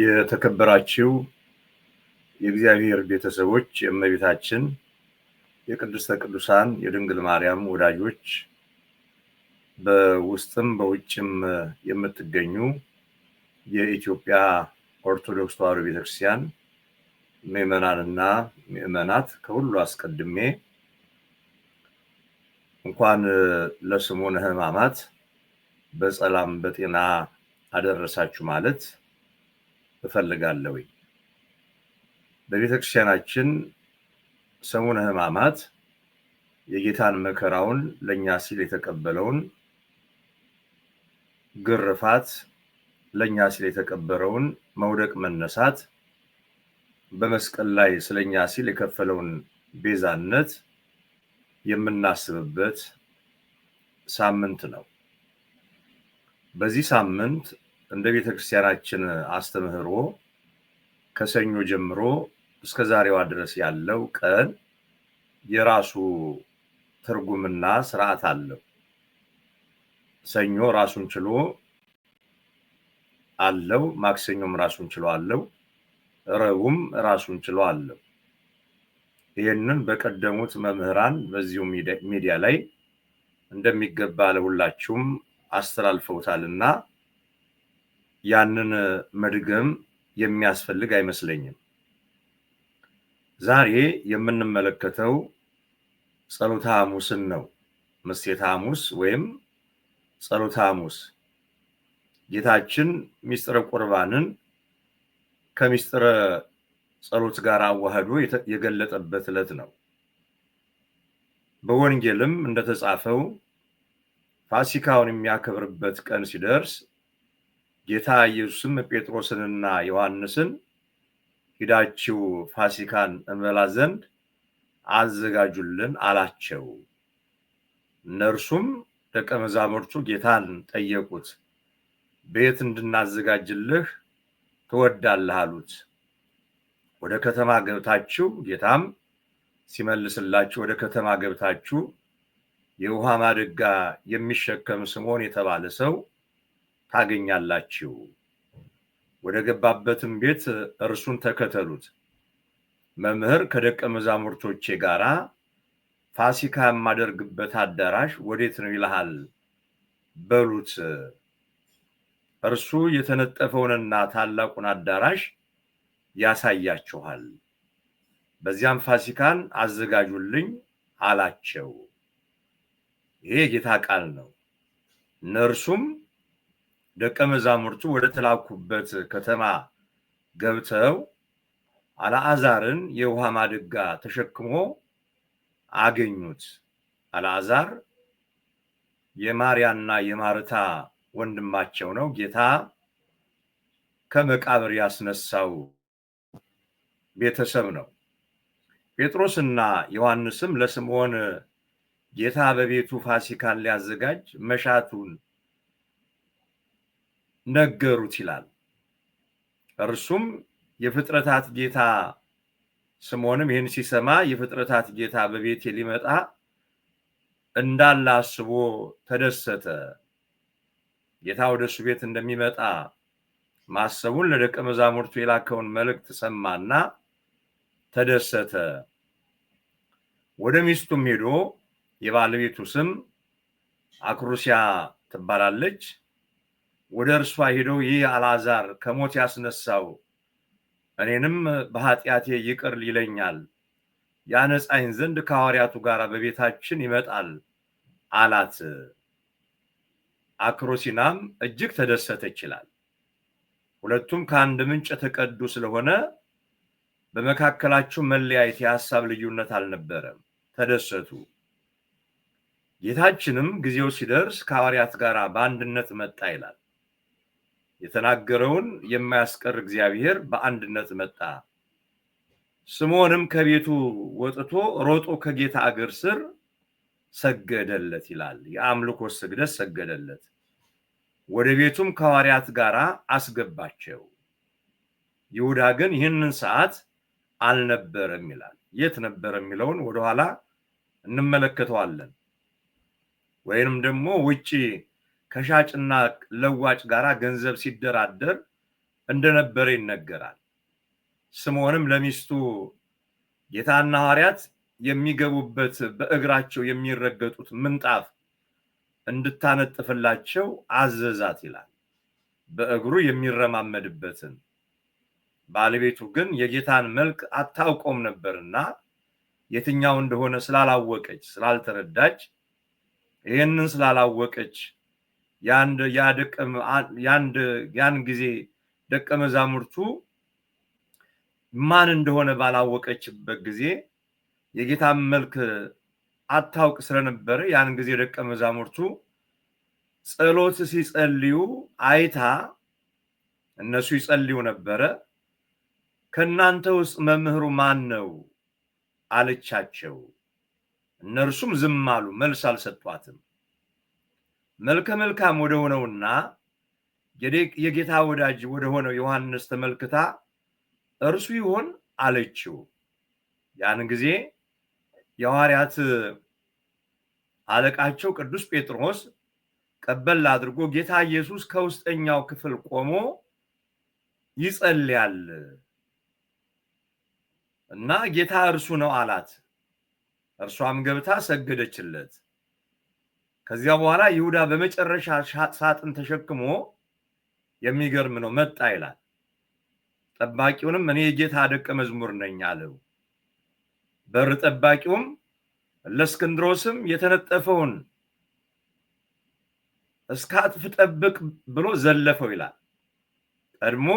የተከበራችው የእግዚአብሔር ቤተሰቦች፣ የእመቤታችን የቅድስተ ቅዱሳን የድንግል ማርያም ወዳጆች፣ በውስጥም በውጭም የምትገኙ የኢትዮጵያ ኦርቶዶክስ ተዋሕዶ ቤተክርስቲያን ምዕመናንና ምዕመናት ከሁሉ አስቀድሜ እንኳን ለሰሙነ ሕማማት በሰላም በጤና አደረሳችሁ ማለት እፈልጋለሁ። በቤተ ክርስቲያናችን ሰሙነ ሕማማት የጌታን መከራውን ለእኛ ሲል የተቀበለውን ግርፋት ለእኛ ሲል የተቀበረውን መውደቅ መነሳት በመስቀል ላይ ስለኛ ሲል የከፈለውን ቤዛነት የምናስብበት ሳምንት ነው። በዚህ ሳምንት እንደ ቤተ ክርስቲያናችን አስተምህሮ ከሰኞ ጀምሮ እስከ ዛሬዋ ድረስ ያለው ቀን የራሱ ትርጉምና ስርዓት አለው። ሰኞ ራሱን ችሎ አለው። ማክሰኞም ራሱን ችሎ አለው። ረቡም ራሱን ችሎ አለው። ይህንን በቀደሙት መምህራን በዚሁ ሚዲያ ላይ እንደሚገባ ለሁላችሁም አስተላልፈውታልና ያንን መድገም የሚያስፈልግ አይመስለኝም። ዛሬ የምንመለከተው ጸሎተ ሐሙስን ነው። መስቴተ ሐሙስ ወይም ጸሎተ ሐሙስ ጌታችን ሚስጥረ ቁርባንን ከሚስጥረ ጸሎት ጋር አዋህዶ የገለጠበት ዕለት ነው። በወንጌልም እንደተጻፈው ፋሲካውን የሚያከብርበት ቀን ሲደርስ ጌታ ኢየሱስም ጴጥሮስንና ዮሐንስን ሂዳችሁ ፋሲካን እንበላ ዘንድ አዘጋጁልን አላቸው። እነርሱም ደቀ መዛሙርቱ ጌታን ጠየቁት። ቤት እንድናዘጋጅልህ ትወዳለህ አሉት። ወደ ከተማ ገብታችሁ ጌታም ሲመልስላችሁ ወደ ከተማ ገብታችሁ የውሃ ማድጋ የሚሸከም ስምዖን የተባለ ሰው ታገኛላችሁ። ወደ ገባበትም ቤት እርሱን ተከተሉት። መምህር ከደቀ መዛሙርቶቼ ጋር ፋሲካ የማደርግበት አዳራሽ ወዴት ነው ይልሃል በሉት። እርሱ የተነጠፈውንና ታላቁን አዳራሽ ያሳያችኋል። በዚያም ፋሲካን አዘጋጁልኝ አላቸው። ይሄ የጌታ ቃል ነው። እነርሱም ደቀ መዛሙርቱ ወደ ተላኩበት ከተማ ገብተው አልዓዛርን የውሃ ማድጋ ተሸክሞ አገኙት። አልዓዛር የማርያና የማርታ ወንድማቸው ነው። ጌታ ከመቃብር ያስነሳው ቤተሰብ ነው። ጴጥሮስና ዮሐንስም ለስምዖን ጌታ በቤቱ ፋሲካን ሊያዘጋጅ መሻቱን ነገሩት ይላል። እርሱም የፍጥረታት ጌታ ስምዖንም ይህን ሲሰማ የፍጥረታት ጌታ በቤቴ ሊመጣ እንዳለ አስቦ ተደሰተ። ጌታ ወደ እሱ ቤት እንደሚመጣ ማሰቡን ለደቀ መዛሙርቱ የላከውን መልእክት ሰማና ተደሰተ። ወደ ሚስቱም ሄዶ የባለቤቱ ስም አክሩሲያ ትባላለች። ወደ እርሷ ሄደው ይህ አልዓዛር ከሞት ያስነሳው እኔንም በኃጢአቴ ይቅር ይለኛል ያነጻኝ ዘንድ ከሐዋርያቱ ጋር በቤታችን ይመጣል አላት። አክሮሲናም እጅግ ተደሰተች ይላል። ሁለቱም ከአንድ ምንጭ የተቀዱ ስለሆነ በመካከላቸው መለያየት፣ የሐሳብ ልዩነት አልነበረም። ተደሰቱ። ጌታችንም ጊዜው ሲደርስ ከሐዋርያት ጋር በአንድነት መጣ ይላል። የተናገረውን የማያስቀር እግዚአብሔር በአንድነት መጣ። ስምዖንም ከቤቱ ወጥቶ ሮጦ ከጌታ እግር ስር ሰገደለት ይላል። የአምልኮ ስግደት ሰገደለት። ወደ ቤቱም ከሐዋርያት ጋር አስገባቸው። ይሁዳ ግን ይህንን ሰዓት አልነበረም ይላል። የት ነበረ የሚለውን ወደኋላ እንመለከተዋለን። ወይንም ደግሞ ውጪ ከሻጭና ለዋጭ ጋር ገንዘብ ሲደራደር እንደነበረ ይነገራል። ስምዖንም ለሚስቱ ጌታና ሐዋርያት የሚገቡበት በእግራቸው የሚረገጡት ምንጣፍ እንድታነጥፍላቸው አዘዛት ይላል። በእግሩ የሚረማመድበትን ባለቤቱ ግን የጌታን መልክ አታውቆም ነበርና የትኛው እንደሆነ ስላላወቀች ስላልተረዳች ይህንን ስላላወቀች ያን ጊዜ ደቀ መዛሙርቱ ማን እንደሆነ ባላወቀችበት ጊዜ የጌታን መልክ አታውቅ ስለነበረ ያን ጊዜ ደቀ መዛሙርቱ ጸሎት ሲጸልዩ አይታ እነሱ ይጸልዩ ነበረ። ከእናንተ ውስጥ መምህሩ ማን ነው አለቻቸው። እነርሱም ዝም አሉ፣ መልስ አልሰጧትም። መልከ መልካም ወደ ሆነውና የጌታ ወዳጅ ወደሆነው ዮሐንስ ተመልክታ እርሱ ይሆን አለችው። ያን ጊዜ የሐዋርያት አለቃቸው ቅዱስ ጴጥሮስ ቀበል አድርጎ ጌታ ኢየሱስ ከውስጠኛው ክፍል ቆሞ ይጸልያል እና ጌታ እርሱ ነው አላት። እርሷም ገብታ ሰገደችለት። ከዚያ በኋላ ይሁዳ በመጨረሻ ሳጥን ተሸክሞ የሚገርም ነው መጣ ይላል። ጠባቂውንም እኔ የጌታ ደቀ መዝሙር ነኝ አለው። በር ጠባቂውም ለእስክንድሮስም የተነጠፈውን እስከ አጥፍ ጠብቅ ብሎ ዘለፈው ይላል። ቀድሞ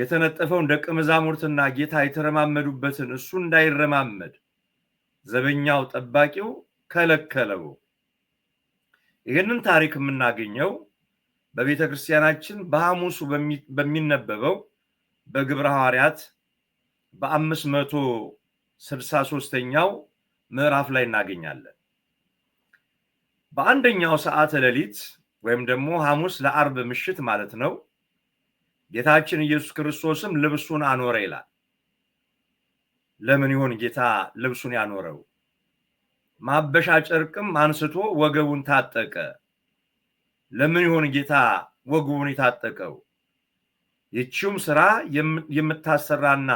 የተነጠፈውን ደቀ መዛሙርትና ጌታ የተረማመዱበትን እሱ እንዳይረማመድ ዘበኛው ጠባቂው ከለከለው። ይህንን ታሪክ የምናገኘው በቤተ ክርስቲያናችን በሐሙሱ በሚነበበው በግብረ ሐዋርያት በአምስት መቶ ስልሳ ሶስተኛው ምዕራፍ ላይ እናገኛለን። በአንደኛው ሰዓት ሌሊት ወይም ደግሞ ሐሙስ ለአርብ ምሽት ማለት ነው። ጌታችን ኢየሱስ ክርስቶስም ልብሱን አኖረ ይላል። ለምን ይሆን ጌታ ልብሱን ያኖረው? ማበሻ ጨርቅም አንስቶ ወገቡን ታጠቀ። ለምን ይሆን ጌታ ወገቡን የታጠቀው? ይቺውም ስራ የምታሰራና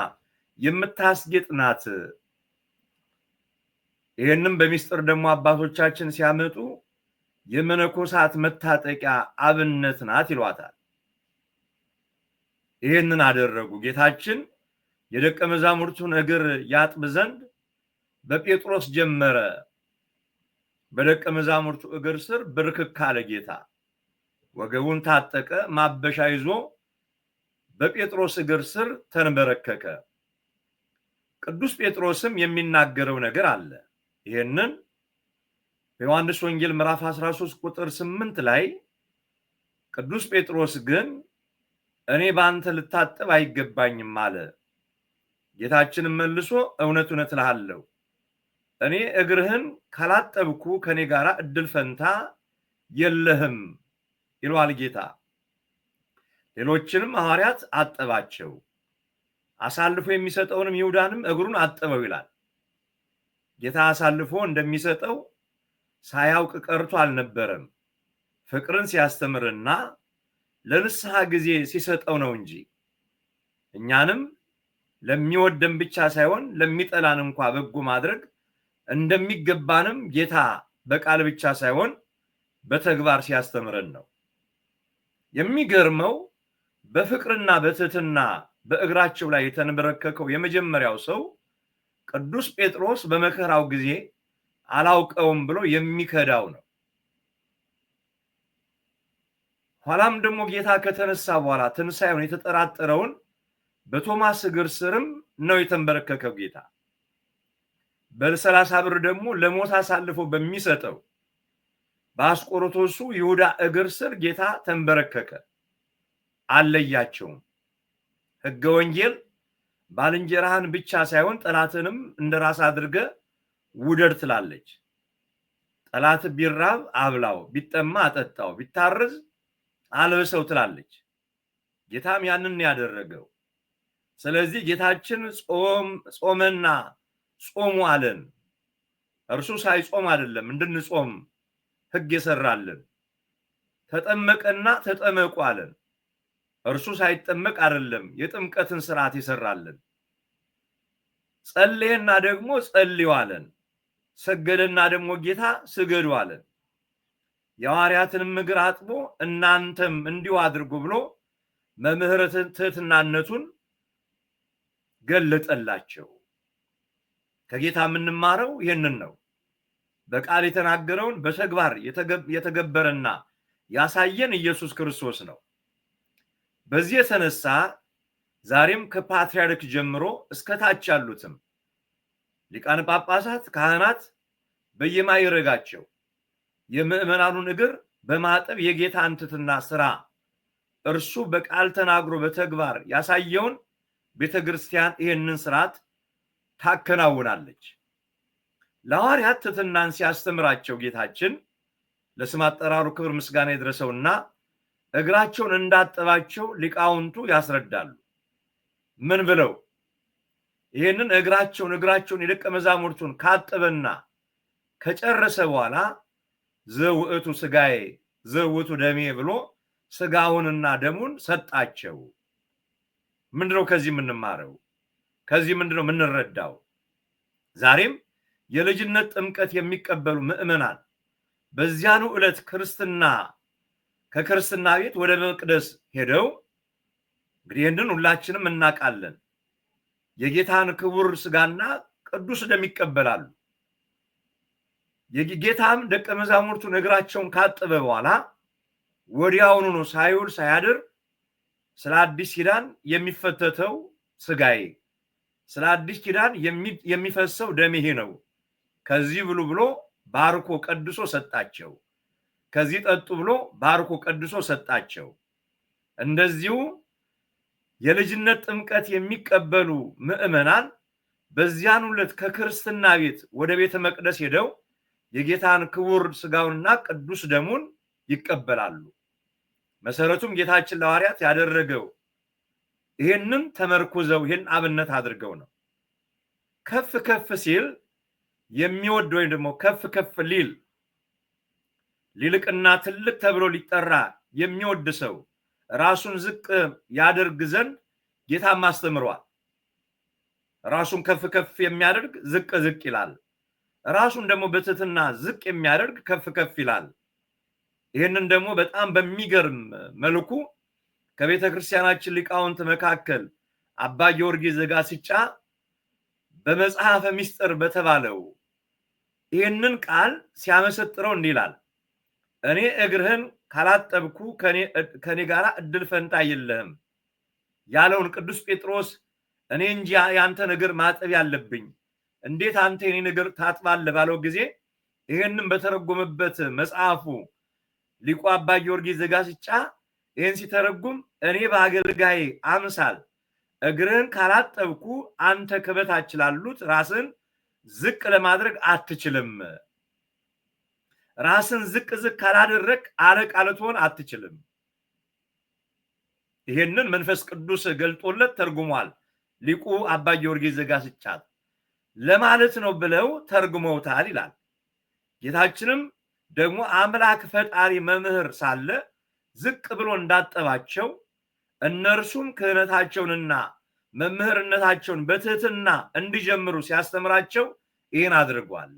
የምታስጌጥ ናት። ይህንም በሚስጥር ደግሞ አባቶቻችን ሲያመጡ የመነኮሳት መታጠቂያ አብነት ናት ይሏታል። ይህንን አደረጉ። ጌታችን የደቀ መዛሙርቱን እግር ያጥብ ዘንድ በጴጥሮስ ጀመረ። በደቀ መዛሙርቱ እግር ስር ብርክክ አለ ጌታ። ወገቡን ታጠቀ፣ ማበሻ ይዞ በጴጥሮስ እግር ስር ተንበረከከ። ቅዱስ ጴጥሮስም የሚናገረው ነገር አለ። ይህንን በዮሐንስ ወንጌል ምዕራፍ 13 ቁጥር 8 ላይ ቅዱስ ጴጥሮስ ግን እኔ በአንተ ልታጠብ አይገባኝም አለ። ጌታችንም መልሶ እውነት እውነት እልሃለሁ እኔ እግርህን ካላጠብኩ ከእኔ ጋር እድል ፈንታ የለህም ይለዋል ጌታ። ሌሎችንም ሐዋርያት አጠባቸው፣ አሳልፎ የሚሰጠውንም ይሁዳንም እግሩን አጠበው ይላል። ጌታ አሳልፎ እንደሚሰጠው ሳያውቅ ቀርቶ አልነበረም። ፍቅርን ሲያስተምርና ለንስሐ ጊዜ ሲሰጠው ነው እንጂ እኛንም ለሚወደን ብቻ ሳይሆን ለሚጠላን እንኳ በጎ ማድረግ እንደሚገባንም ጌታ በቃል ብቻ ሳይሆን በተግባር ሲያስተምረን ነው። የሚገርመው በፍቅርና በትህትና በእግራቸው ላይ የተንበረከከው የመጀመሪያው ሰው ቅዱስ ጴጥሮስ በመከራው ጊዜ አላውቀውም ብሎ የሚከዳው ነው። ኋላም ደግሞ ጌታ ከተነሳ በኋላ ትንሣኤውን የተጠራጠረውን በቶማስ እግር ስርም ነው የተንበረከከው ጌታ በሰላሳ ብር ደግሞ ለሞት አሳልፎ በሚሰጠው በአስቆሮቶሱ ይሁዳ እግር ስር ጌታ ተንበረከከ፣ አለያቸውም። ሕገ ወንጌል ባልንጀራህን ብቻ ሳይሆን ጠላትንም እንደ ራስ አድርገ ውደድ ትላለች። ጠላት ቢራብ አብላው፣ ቢጠማ አጠጣው፣ ቢታርዝ አልብሰው ትላለች። ጌታም ያንን ያደረገው። ስለዚህ ጌታችን ጾመና ጾሙ አለን። እርሱ ሳይጾም አይደለም እንድንጾም ህግ የሰራልን። ተጠመቀና ተጠመቁ አለን። እርሱ ሳይጠመቅ አይደለም የጥምቀትን ስርዓት የሰራልን። ጸልየና ደግሞ ጸልዩ አለን። ሰገደና ደግሞ ጌታ ስገዱ አለን። የሐዋርያትንም እግር አጥቦ እናንተም እንዲሁ አድርጉ ብሎ መምህር ትህትናነቱን ገለጠላቸው። ከጌታ የምንማረው ይህንን ነው። በቃል የተናገረውን በተግባር የተገበረና ያሳየን ኢየሱስ ክርስቶስ ነው። በዚህ የተነሳ ዛሬም ከፓትርያርክ ጀምሮ እስከታች ያሉትም ሊቃነ ጳጳሳት፣ ካህናት በየማይረጋቸው የምዕመናኑን እግር በማጠብ የጌታን ትሕትና ስራ እርሱ በቃል ተናግሮ በተግባር ያሳየውን ቤተ ክርስቲያን ይህንን ስርዓት ታከናውናለች። ለሐዋርያት ትሕትናን ሲያስተምራቸው ጌታችን ለስም አጠራሩ ክብር ምስጋና የድረሰውና እግራቸውን እንዳጠባቸው ሊቃውንቱ ያስረዳሉ። ምን ብለው ይህንን እግራቸውን እግራቸውን የደቀ መዛሙርቱን ካጠበና ከጨረሰ በኋላ ዘውእቱ ስጋዬ ዘውቱ ደሜ ብሎ ስጋውንና ደሙን ሰጣቸው። ምንድነው ከዚህ የምንማረው? ከዚህ ምንድነው ነው የምንረዳው? ዛሬም የልጅነት ጥምቀት የሚቀበሉ ምዕመናን በዚያኑ ዕለት ክርስትና ከክርስትና ቤት ወደ መቅደስ ሄደው እንግዲህ ይህንን ሁላችንም እናውቃለን። የጌታን ክቡር ስጋና ቅዱስ ደም ይቀበላሉ። ጌታም ደቀ መዛሙርቱ እግራቸውን ካጠበ በኋላ ወዲያውኑ ነው ሳይውል ሳያድር ስለ አዲስ ኪዳን የሚፈተተው ስጋዬ ስለ አዲስ ኪዳን የሚፈሰው ደም ይሄ ነው፣ ከዚህ ብሉ ብሎ ባርኮ ቀድሶ ሰጣቸው። ከዚህ ጠጡ ብሎ ባርኮ ቀድሶ ሰጣቸው። እንደዚሁ የልጅነት ጥምቀት የሚቀበሉ ምዕመናን በዚያን ዕለት ከክርስትና ቤት ወደ ቤተ መቅደስ ሄደው የጌታን ክቡር ስጋውንና ቅዱስ ደሙን ይቀበላሉ። መሰረቱም ጌታችን ለሐዋርያት ያደረገው ይህንን ተመርኩዘው ይህን አብነት አድርገው ነው ከፍ ከፍ ሲል የሚወድ ወይም ደግሞ ከፍ ከፍ ሊል ሊልቅና ትልቅ ተብሎ ሊጠራ የሚወድ ሰው ራሱን ዝቅ ያደርግ ዘንድ ጌታም አስተምሯል። ራሱን ከፍ ከፍ የሚያደርግ ዝቅ ዝቅ ይላል። ራሱን ደግሞ በትህትና ዝቅ የሚያደርግ ከፍ ከፍ ይላል። ይህንን ደግሞ በጣም በሚገርም መልኩ ከቤተ ክርስቲያናችን ሊቃውንት መካከል አባ ጊዮርጊስ ዘጋስጫ በመጽሐፈ ምስጢር በተባለው ይህንን ቃል ሲያመሰጥረው እንዲህ ይላል፣ እኔ እግርህን ካላጠብኩ ከኔ ጋር እድል ፈንታ የለህም ያለውን ቅዱስ ጴጥሮስ እኔ እንጂ የአንተን እግር ማጠብ ያለብኝ እንዴት አንተ የኔን እግር ታጥባለህ ባለው ጊዜ ይህንም በተረጎመበት መጽሐፉ ሊቁ አባ ጊዮርጊስ ዘጋስጫ ይህን ሲተረጉም እኔ በአገልጋይ አምሳል እግርህን ካላጠብኩ አንተ ከበታች ላሉት ራስን ዝቅ ለማድረግ አትችልም። ራስን ዝቅ ዝቅ ካላደረግ አለቃ ልትሆን አትችልም። ይሄንን መንፈስ ቅዱስ ገልጦለት ተርጉሟል። ሊቁ አባ ጊዮርጊስ ዘጋስጫት ለማለት ነው ብለው ተርጉመውታል ይላል። ጌታችንም ደግሞ አምላክ ፈጣሪ መምህር ሳለ ዝቅ ብሎ እንዳጠባቸው እነርሱም ክህነታቸውንና መምህርነታቸውን በትህትና እንዲጀምሩ ሲያስተምራቸው ይህን አድርጓል።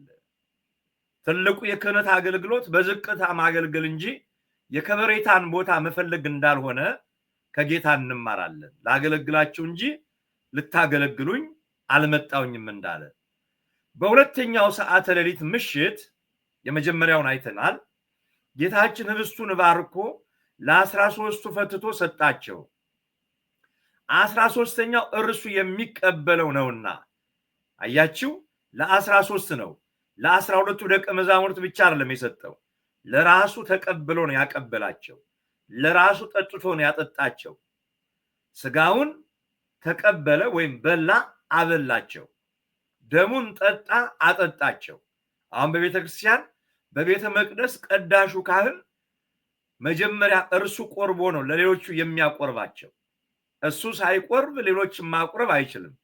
ትልቁ የክህነት አገልግሎት በዝቅታ ማገልገል እንጂ የከበሬታን ቦታ መፈለግ እንዳልሆነ ከጌታ እንማራለን። ላገለግላችሁ እንጂ ልታገለግሉኝ አልመጣውኝም እንዳለ በሁለተኛው ሰዓተ ሌሊት ምሽት የመጀመሪያውን አይተናል። ጌታችን ህብስቱን ባርኮ ለአስራ ሶስቱ ፈትቶ ሰጣቸው። አስራ ሶስተኛው እርሱ የሚቀበለው ነውና አያችው፣ ለአስራ ሶስት ነው። ለአስራ ሁለቱ ደቀ መዛሙርት ብቻ አይደለም የሰጠው፣ ለራሱ ተቀብሎ ነው ያቀበላቸው። ለራሱ ጠጥቶ ነው ያጠጣቸው። ስጋውን ተቀበለ ወይም በላ፣ አበላቸው። ደሙን ጠጣ፣ አጠጣቸው። አሁን በቤተ ክርስቲያን በቤተ መቅደስ ቀዳሹ ካህን መጀመሪያ እርሱ ቆርቦ ነው ለሌሎቹ የሚያቆርባቸው። እሱ ሳይቆርብ ሌሎች ማቁረብ አይችልም።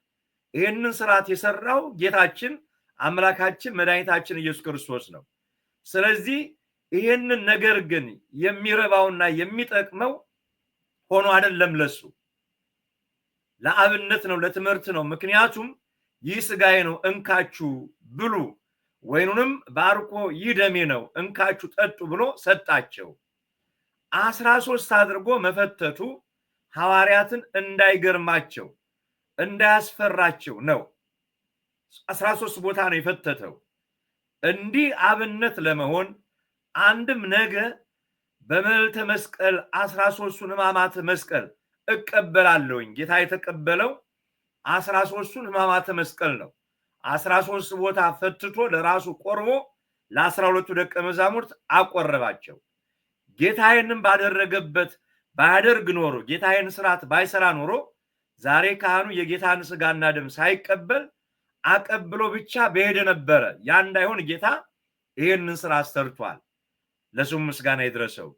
ይህንን ስርዓት የሰራው ጌታችን አምላካችን መድኃኒታችን ኢየሱስ ክርስቶስ ነው። ስለዚህ ይህንን ነገር ግን የሚረባውና የሚጠቅመው ሆኖ አይደለም ለሱ ለአብነት ነው፣ ለትምህርት ነው። ምክንያቱም ይህ ስጋዬ ነው እንካችሁ ብሉ፣ ወይኑንም ባርኮ ይህ ደሜ ነው እንካችሁ ጠጡ ብሎ ሰጣቸው። አስራ ሶስት አድርጎ መፈተቱ ሐዋርያትን እንዳይገርማቸው እንዳያስፈራቸው ነው። አስራ ሶስት ቦታ ነው የፈተተው። እንዲህ አብነት ለመሆን አንድም ነገ በመልተ መስቀል አስራ ሶስቱን ሕማማተ መስቀል እቀበላለሁኝ። ጌታ የተቀበለው አስራ ሶስቱን ሕማማተ መስቀል ነው። አስራ ሶስት ቦታ ፈትቶ ለራሱ ቆርቦ ለአስራ ሁለቱ ደቀ መዛሙርት አቆረባቸው። ጌታዬንም ባደረገበት ባያደርግ ኖሮ ጌታዬን ስርዓት ባይሰራ ኖሮ ዛሬ ካህኑ የጌታን ስጋና ደም ሳይቀበል አቀብሎ ብቻ በሄደ ነበረ። ያ እንዳይሆን ጌታ ይህንን ስራ ሰርቷል። ለሱም ምስጋና ይድረሰው።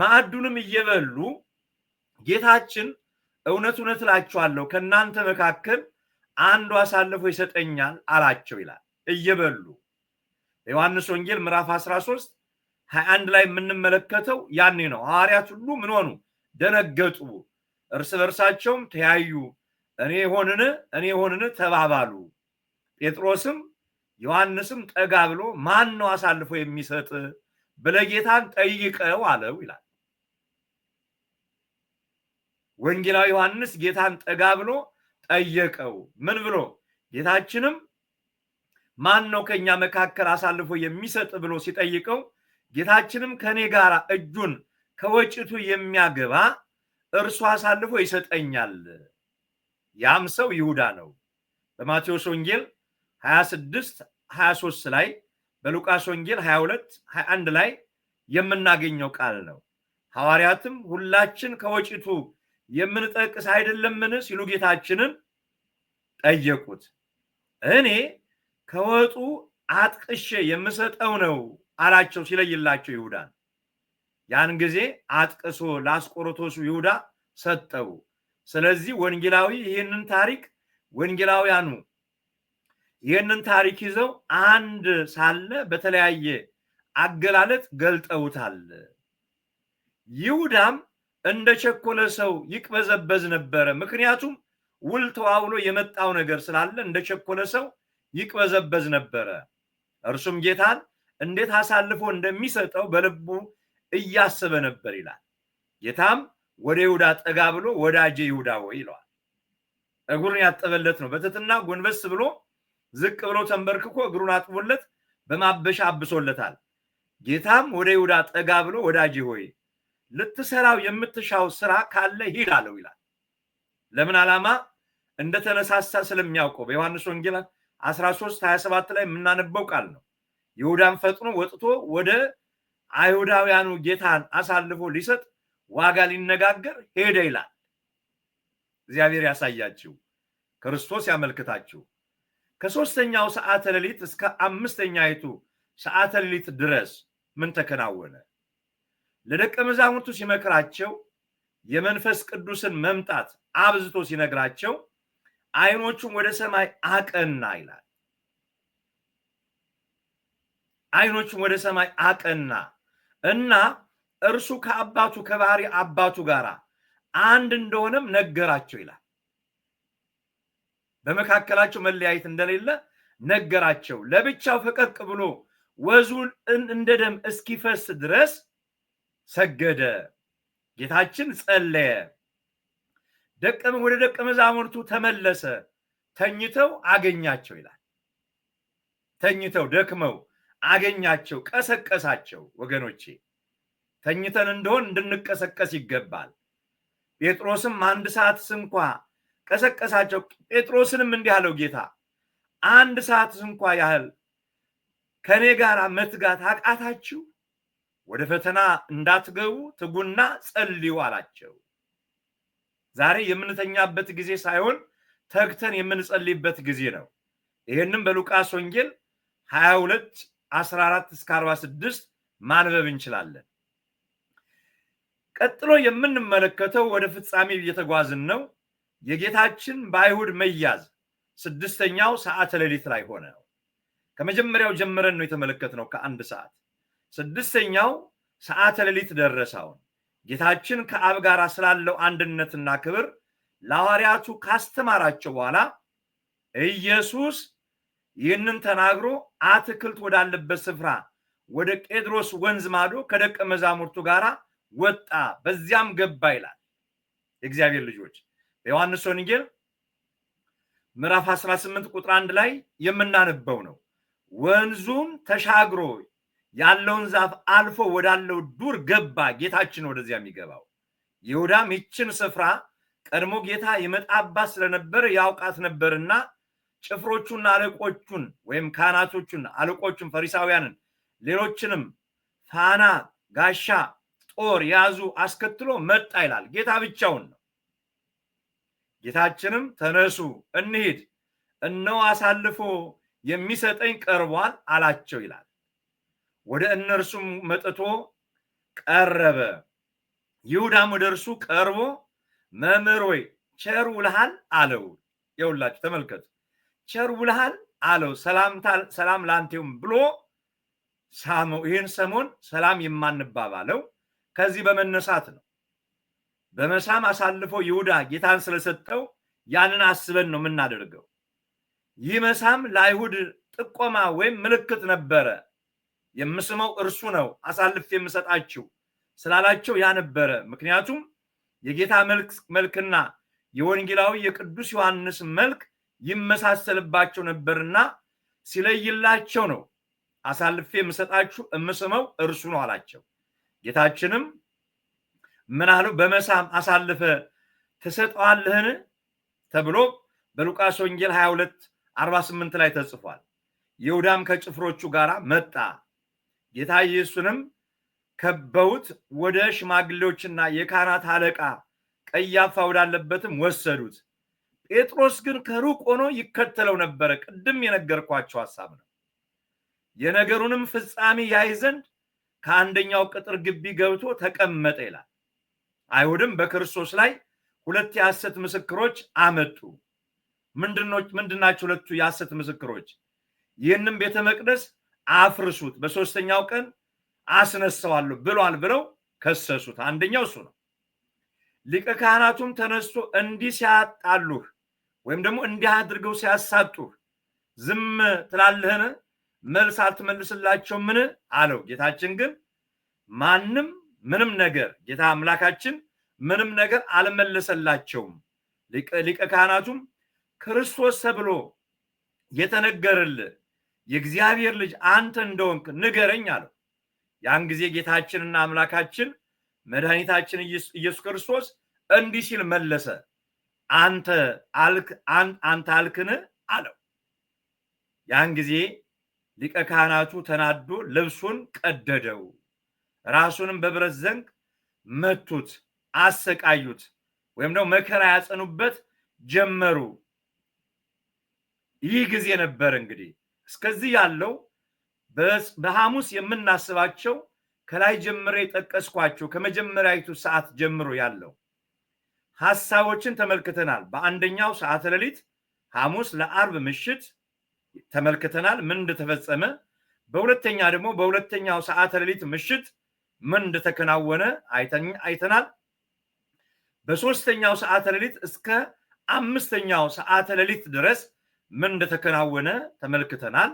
ማዕዱንም እየበሉ ጌታችን እውነት እውነት እላችኋለሁ ከእናንተ መካከል አንዱ አሳልፎ ይሰጠኛል አላቸው ይላል። እየበሉ ዮሐንስ ወንጌል ምዕራፍ 13 ሀያ አንድ ላይ የምንመለከተው ያኔ ነው። ሐዋርያት ሁሉ ምን ሆኑ? ደነገጡ፣ እርስ በርሳቸውም ተያዩ፣ እኔ ሆንን እኔ ሆንን ተባባሉ። ጴጥሮስም ዮሐንስም ጠጋ ብሎ ማን ነው አሳልፎ የሚሰጥ ብለጌታን ጠይቀው አለው ይላል ወንጌላዊ ዮሐንስ። ጌታን ጠጋ ብሎ ጠየቀው። ምን ብሎ? ጌታችንም ማን ነው ከኛ መካከል አሳልፎ የሚሰጥ ብሎ ሲጠይቀው ጌታችንም ከእኔ ጋር እጁን ከወጭቱ የሚያገባ እርሱ አሳልፎ ይሰጠኛል። ያም ሰው ይሁዳ ነው። በማቴዎስ ወንጌል 26 23 ላይ በሉቃስ ወንጌል 22 21 ላይ የምናገኘው ቃል ነው። ሐዋርያትም ሁላችን ከወጭቱ የምንጠቅስ አይደለምን ሲሉ ጌታችንን ጠየቁት። እኔ ከወጡ አጥቅሼ የምሰጠው ነው አላቸው ሲለይላቸው ይሁዳን። ያን ጊዜ አጥቅሶ ለአስቆሮቶሱ ይሁዳ ሰጠው። ስለዚህ ወንጌላዊ ይህንን ታሪክ ወንጌላውያኑ ይህንን ታሪክ ይዘው አንድ ሳለ በተለያየ አገላለጥ ገልጠውታል። ይሁዳም እንደ ቸኮለ ሰው ይቅበዘበዝ ነበረ። ምክንያቱም ውል ተዋውሎ የመጣው ነገር ስላለ እንደ ቸኮለ ሰው ይቅበዘበዝ ነበረ። እርሱም ጌታን እንዴት አሳልፎ እንደሚሰጠው በልቡ እያሰበ ነበር ይላል። ጌታም ወደ ይሁዳ ጠጋ ብሎ ወዳጄ ይሁዳ ወይ ይለዋል። እግሩን ያጠበለት ነው። በትትና ጎንበስ ብሎ ዝቅ ብሎ ተንበርክኮ እግሩን አጥቦለት በማበሻ አብሶለታል። ጌታም ወደ ይሁዳ ጠጋ ብሎ ወዳጄ ሆይ ልትሰራው የምትሻው ስራ ካለ ሂድ አለው ይላል። ለምን ዓላማ እንደተነሳሳ ስለሚያውቀው በዮሐንስ ወንጌል 13 27 ላይ የምናነበው ቃል ነው። ይሁዳን ፈጥኖ ወጥቶ ወደ አይሁዳውያኑ ጌታን አሳልፎ ሊሰጥ ዋጋ ሊነጋገር ሄደ ይላል። እግዚአብሔር ያሳያችሁ፣ ክርስቶስ ያመልክታችሁ። ከሶስተኛው ሰዓተ ሌሊት እስከ አምስተኛይቱ ሰዓተ ሌሊት ድረስ ምን ተከናወነ? ለደቀ መዛሙርቱ ሲመክራቸው የመንፈስ ቅዱስን መምጣት አብዝቶ ሲነግራቸው አይኖቹም ወደ ሰማይ አቀና ይላል። አይኖቹን ወደ ሰማይ አቀና እና እርሱ ከአባቱ ከባህሪ አባቱ ጋር አንድ እንደሆነም ነገራቸው ይላል። በመካከላቸው መለያየት እንደሌለ ነገራቸው። ለብቻው ፈቀቅ ብሎ ወዙን እንደ ደም እስኪፈስ ድረስ ሰገደ። ጌታችን ጸለየ። ደቀ ወደ ደቀ መዛሙርቱ ተመለሰ። ተኝተው አገኛቸው ይላል። ተኝተው ደክመው አገኛቸው፣ ቀሰቀሳቸው። ወገኖቼ ተኝተን እንደሆን እንድንቀሰቀስ ይገባል። ጴጥሮስም አንድ ሰዓት ስንኳ ቀሰቀሳቸው። ጴጥሮስንም እንዲህ አለው፣ ጌታ አንድ ሰዓት ስንኳ ያህል ከእኔ ጋር መትጋት አቃታችሁ? ወደ ፈተና እንዳትገቡ ትጉና ጸልዩ አላቸው። ዛሬ የምንተኛበት ጊዜ ሳይሆን ተግተን የምንጸልይበት ጊዜ ነው። ይህንም በሉቃስ ወንጌል 22 14 እስከ 46 ማንበብ እንችላለን። ቀጥሎ የምንመለከተው ወደ ፍጻሜ እየተጓዝን ነው። የጌታችን በአይሁድ መያዝ ስድስተኛው ሰዓተ ሌሊት ላይ ሆነ ነው። ከመጀመሪያው ጀምረን ነው የተመለከትነው። ከአንድ ሰዓት ስድስተኛው ሰዓተ ሌሊት ደረሳውን ጌታችን ከአብ ጋር ስላለው አንድነትና ክብር ለሐዋርያቱ ካስተማራቸው በኋላ ኢየሱስ ይህንን ተናግሮ አትክልት ወዳለበት ስፍራ ወደ ቄድሮስ ወንዝ ማዶ ከደቀ መዛሙርቱ ጋር ወጣ፣ በዚያም ገባ ይላል። የእግዚአብሔር ልጆች በዮሐንስ ወንጌል ምዕራፍ 18 ቁጥር 1 ላይ የምናነበው ነው። ወንዙን ተሻግሮ ያለውን ዛፍ አልፎ ወዳለው ዱር ገባ። ጌታችን ወደዚያ የሚገባው ይሁዳም ይችን ስፍራ ቀድሞ ጌታ የመጣባት ስለነበር ያውቃት ነበርና ጭፍሮቹና አለቆቹን ወይም ካህናቶቹን፣ አለቆቹን፣ ፈሪሳውያንን፣ ሌሎችንም ፋና፣ ጋሻ፣ ጦር ያዙ አስከትሎ መጣ ይላል። ጌታ ብቻውን ነው። ጌታችንም ተነሱ እንሂድ፣ እነው አሳልፎ የሚሰጠኝ ቀርቧል አላቸው ይላል። ወደ እነርሱም መጥቶ ቀረበ። ይሁዳም ወደ እርሱ ቀርቦ መምህር ወይ ቸር ውልሃል አለው። የውላችሁ ተመልከቱ ቸር ውለሃል አለው። ሰላም ላንቴውም ብሎ ሳመው። ይህን ሰሞን ሰላም የማንባባለው ከዚህ በመነሳት ነው። በመሳም አሳልፎ ይሁዳ ጌታን ስለሰጠው ያንን አስበን ነው የምናደርገው። ይህ መሳም ለአይሁድ ጥቆማ ወይም ምልክት ነበረ። የምስመው እርሱ ነው አሳልፍ የምሰጣችሁ ስላላቸው ያ ነበረ። ምክንያቱም የጌታ መልክና የወንጌላዊ የቅዱስ ዮሐንስ መልክ ይመሳሰልባቸው ነበርና ሲለይላቸው ነው አሳልፌ የምሰጣችሁ የምስመው እርሱ ነው አላቸው። ጌታችንም ምን አለው? በመሳም አሳልፈ ትሰጠዋለህን ተብሎ በሉቃስ ወንጌል 22 48 ላይ ተጽፏል። ይሁዳም ከጭፍሮቹ ጋር መጣ። ጌታ ኢየሱስንም ከበውት ወደ ሽማግሌዎችና የካህናት አለቃ ቀያፋ ወዳለበትም ወሰዱት። ጴጥሮስ ግን ከሩቅ ሆኖ ይከተለው ነበረ። ቅድም የነገርኳቸው ሀሳብ ነው። የነገሩንም ፍጻሜ ያይ ዘንድ ከአንደኛው ቅጥር ግቢ ገብቶ ተቀመጠ ይላል። አይሁድም በክርስቶስ ላይ ሁለት የሐሰት ምስክሮች አመጡ። ምንድናቸው ሁለቱ የሐሰት ምስክሮች? ይህንም ቤተ መቅደስ አፍርሱት፣ በሶስተኛው ቀን አስነሳዋለሁ ብሏል ብለው ከሰሱት። አንደኛው እሱ ነው። ሊቀ ካህናቱም ተነስቶ እንዲህ ሲያጣሉህ ወይም ደግሞ እንዲህ አድርገው ሲያሳጡህ ዝም ትላለህን? መልስ አልትመልስላቸው ምን አለው። ጌታችን ግን ማንም ምንም ነገር ጌታ አምላካችን ምንም ነገር አልመለሰላቸውም። ሊቀ ካህናቱም ክርስቶስ ተብሎ የተነገረልህ የእግዚአብሔር ልጅ አንተ እንደሆንክ ንገረኝ አለው። ያን ጊዜ ጌታችንና አምላካችን መድኃኒታችን ኢየሱስ ክርስቶስ እንዲህ ሲል መለሰ አንተ አልክ አንተ አልክን አለው። ያን ጊዜ ሊቀ ካህናቱ ተናዶ ልብሱን ቀደደው፣ ራሱንም በብረት ዘንግ መቱት፣ አሰቃዩት ወይም ደግሞ መከራ ያጸኑበት ጀመሩ። ይህ ጊዜ ነበር እንግዲህ እስከዚህ ያለው በሐሙስ የምናስባቸው ከላይ ጀምሬ የጠቀስኳቸው ከመጀመሪያዊቱ ሰዓት ጀምሮ ያለው ሀሳቦችን ተመልክተናል። በአንደኛው ሰዓተ ሌሊት ሐሙስ ለአርብ ምሽት ተመልክተናል ምን እንደተፈጸመ። በሁለተኛ ደግሞ በሁለተኛው ሰዓተ ሌሊት ምሽት ምን እንደተከናወነ አይተናል። በሶስተኛው ሰዓተ ሌሊት እስከ አምስተኛው ሰዓተ ሌሊት ድረስ ምን እንደተከናወነ ተመልክተናል።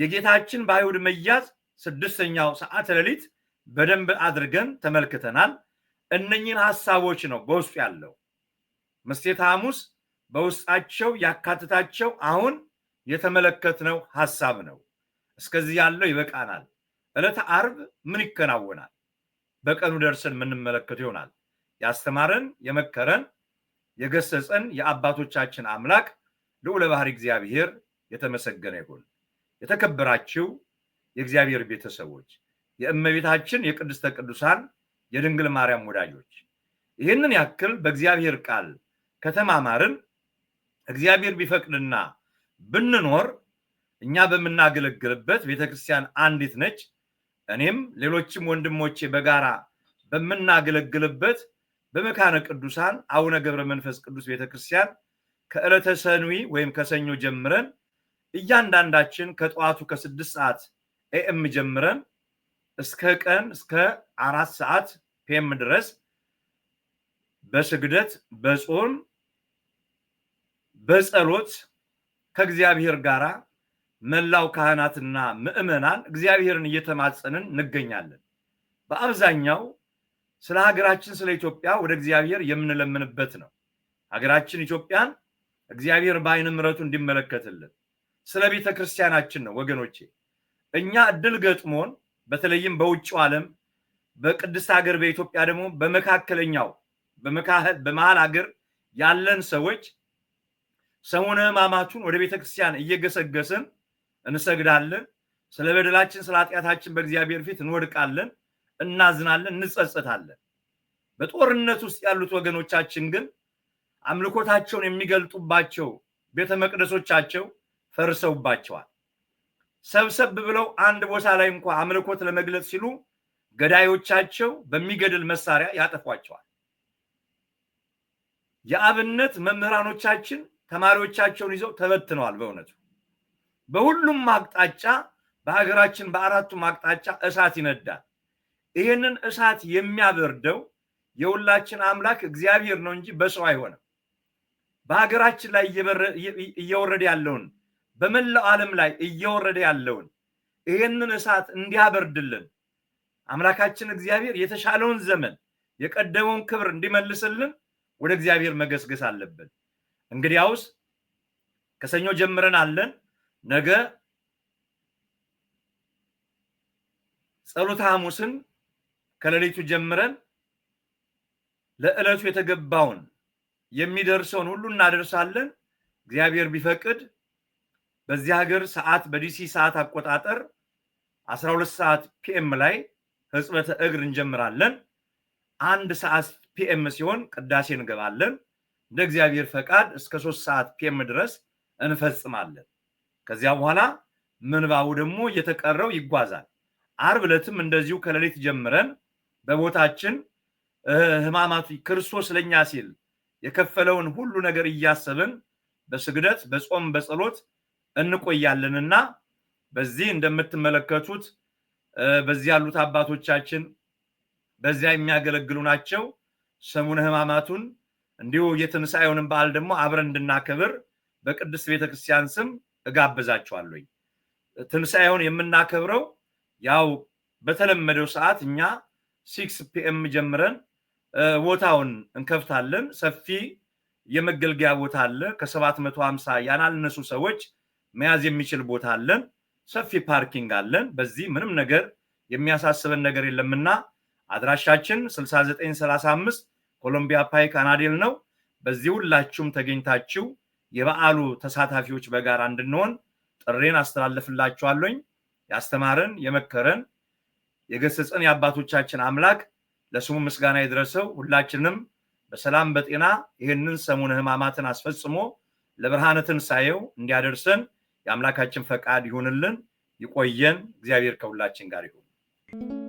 የጌታችን በአይሁድ መያዝ ስድስተኛው ሰዓተ ሌሊት በደንብ አድርገን ተመልክተናል። እነኝን ሀሳቦች ነው በውስጡ ያለው መስቴት ሐሙስ በውስጣቸው ያካትታቸው አሁን የተመለከትነው ሀሳብ ነው። እስከዚህ ያለው ይበቃናል። ዕለተ አርብ ምን ይከናወናል? በቀኑ ደርሰን የምንመለከት ይሆናል። ያስተማረን፣ የመከረን፣ የገሰጸን የአባቶቻችን አምላክ ልዑለ ባሕሪ እግዚአብሔር የተመሰገነ ይሁን። የተከበራችሁ የእግዚአብሔር ቤተሰቦች የእመቤታችን የቅድስተ ቅዱሳን የድንግል ማርያም ወዳጆች ይህንን ያክል በእግዚአብሔር ቃል ከተማማርን እግዚአብሔር ቢፈቅድና ብንኖር እኛ በምናገለግልበት ቤተክርስቲያን አንዲት ነች። እኔም ሌሎችም ወንድሞቼ በጋራ በምናገለግልበት በመካነ ቅዱሳን አቡነ ገብረ መንፈስ ቅዱስ ቤተክርስቲያን ከእለተ ከዕለተ ሰኑይ ወይም ከሰኞ ጀምረን እያንዳንዳችን ከጠዋቱ ከስድስት ሰዓት ኤኤም ጀምረን እስከ ቀን እስከ አራት ሰዓት ፔም ድረስ በስግደት በጾም በጸሎት ከእግዚአብሔር ጋር መላው ካህናትና ምዕመናን እግዚአብሔርን እየተማጸንን እንገኛለን። በአብዛኛው ስለ ሀገራችን ስለ ኢትዮጵያ ወደ እግዚአብሔር የምንለምንበት ነው። ሀገራችን ኢትዮጵያን እግዚአብሔር በአይን ምረቱ እንዲመለከትልን፣ ስለ ቤተ ክርስቲያናችን ነው። ወገኖቼ እኛ እድል ገጥሞን በተለይም በውጭው ዓለም በቅድስት ሀገር በኢትዮጵያ ደግሞ በመካከለኛው በመሀል ሀገር ያለን ሰዎች ሰሙነ ሕማማቱን ወደ ቤተ ክርስቲያን እየገሰገስን እንሰግዳለን። ስለ በደላችን ስለ ኃጢአታችን በእግዚአብሔር ፊት እንወድቃለን፣ እናዝናለን፣ እንጸጸታለን። በጦርነት ውስጥ ያሉት ወገኖቻችን ግን አምልኮታቸውን የሚገልጡባቸው ቤተ መቅደሶቻቸው ፈርሰውባቸዋል። ሰብሰብ ብለው አንድ ቦታ ላይ እንኳ አምልኮት ለመግለጽ ሲሉ ገዳዮቻቸው በሚገድል መሳሪያ ያጠፏቸዋል። የአብነት መምህራኖቻችን ተማሪዎቻቸውን ይዘው ተበትነዋል። በእውነቱ በሁሉም አቅጣጫ በሀገራችን በአራቱም አቅጣጫ እሳት ይነዳል። ይህንን እሳት የሚያበርደው የሁላችን አምላክ እግዚአብሔር ነው እንጂ በሰው አይሆንም። በሀገራችን ላይ እየወረደ ያለውን በመላው ዓለም ላይ እየወረደ ያለውን ይህንን እሳት እንዲያበርድልን አምላካችን እግዚአብሔር የተሻለውን ዘመን የቀደመውን ክብር እንዲመልስልን ወደ እግዚአብሔር መገስገስ አለብን። እንግዲያውስ ከሰኞ ጀምረን አለን። ነገ ጸሎተ ሐሙስን ከሌሊቱ ጀምረን ለዕለቱ የተገባውን የሚደርሰውን ሁሉ እናደርሳለን። እግዚአብሔር ቢፈቅድ በዚህ ሀገር ሰዓት በዲሲ ሰዓት አቆጣጠር 12 ሰዓት ፒኤም ላይ ህጽበተ እግር እንጀምራለን። አንድ ሰዓት ፒኤም ሲሆን ቅዳሴ እንገባለን። እንደ እግዚአብሔር ፈቃድ እስከ ሶስት ሰዓት ፒኤም ድረስ እንፈጽማለን። ከዚያ በኋላ ምንባቡ ደግሞ እየተቀረው ይጓዛል። አርብ ዕለትም እንደዚሁ ከሌሊት ጀምረን በቦታችን ህማማቱ ክርስቶስ ለእኛ ሲል የከፈለውን ሁሉ ነገር እያሰብን በስግደት በጾም በጸሎት እንቆያለንና በዚህ እንደምትመለከቱት በዚህ ያሉት አባቶቻችን በዚያ የሚያገለግሉ ናቸው። ሰሙነ ሕማማቱን እንዲሁ የትንሣኤውንም በዓል ደግሞ አብረን እንድናከብር በቅድስት ቤተክርስቲያን ስም እጋብዛችኋለኝ። ትንሣኤውን የምናከብረው ያው በተለመደው ሰዓት እኛ ሲክስ ፒኤም ጀምረን ቦታውን እንከፍታለን። ሰፊ የመገልገያ ቦታ አለ። ከሰባት መቶ ሀምሳ ያናነሱ ሰዎች መያዝ የሚችል ቦታ አለን፣ ሰፊ ፓርኪንግ አለን። በዚህ ምንም ነገር የሚያሳስበን ነገር የለምና አድራሻችን 6935 ኮሎምቢያ ፓይክ አናዴል ነው። በዚህ ሁላችሁም ተገኝታችሁ የበዓሉ ተሳታፊዎች በጋራ እንድንሆን ጥሬን አስተላልፍላችኋለኝ። ያስተማረን የመከረን የገሰጸን የአባቶቻችን አምላክ ለስሙ ምስጋና ይድረሰው። ሁላችንም በሰላም በጤና ይህንን ሰሙነ ሕማማትን አስፈጽሞ ለብርሃነ ትንሣኤው እንዲያደርሰን የአምላካችን ፈቃድ ይሁንልን። ይቆየን። እግዚአብሔር ከሁላችን ጋር ይሁን።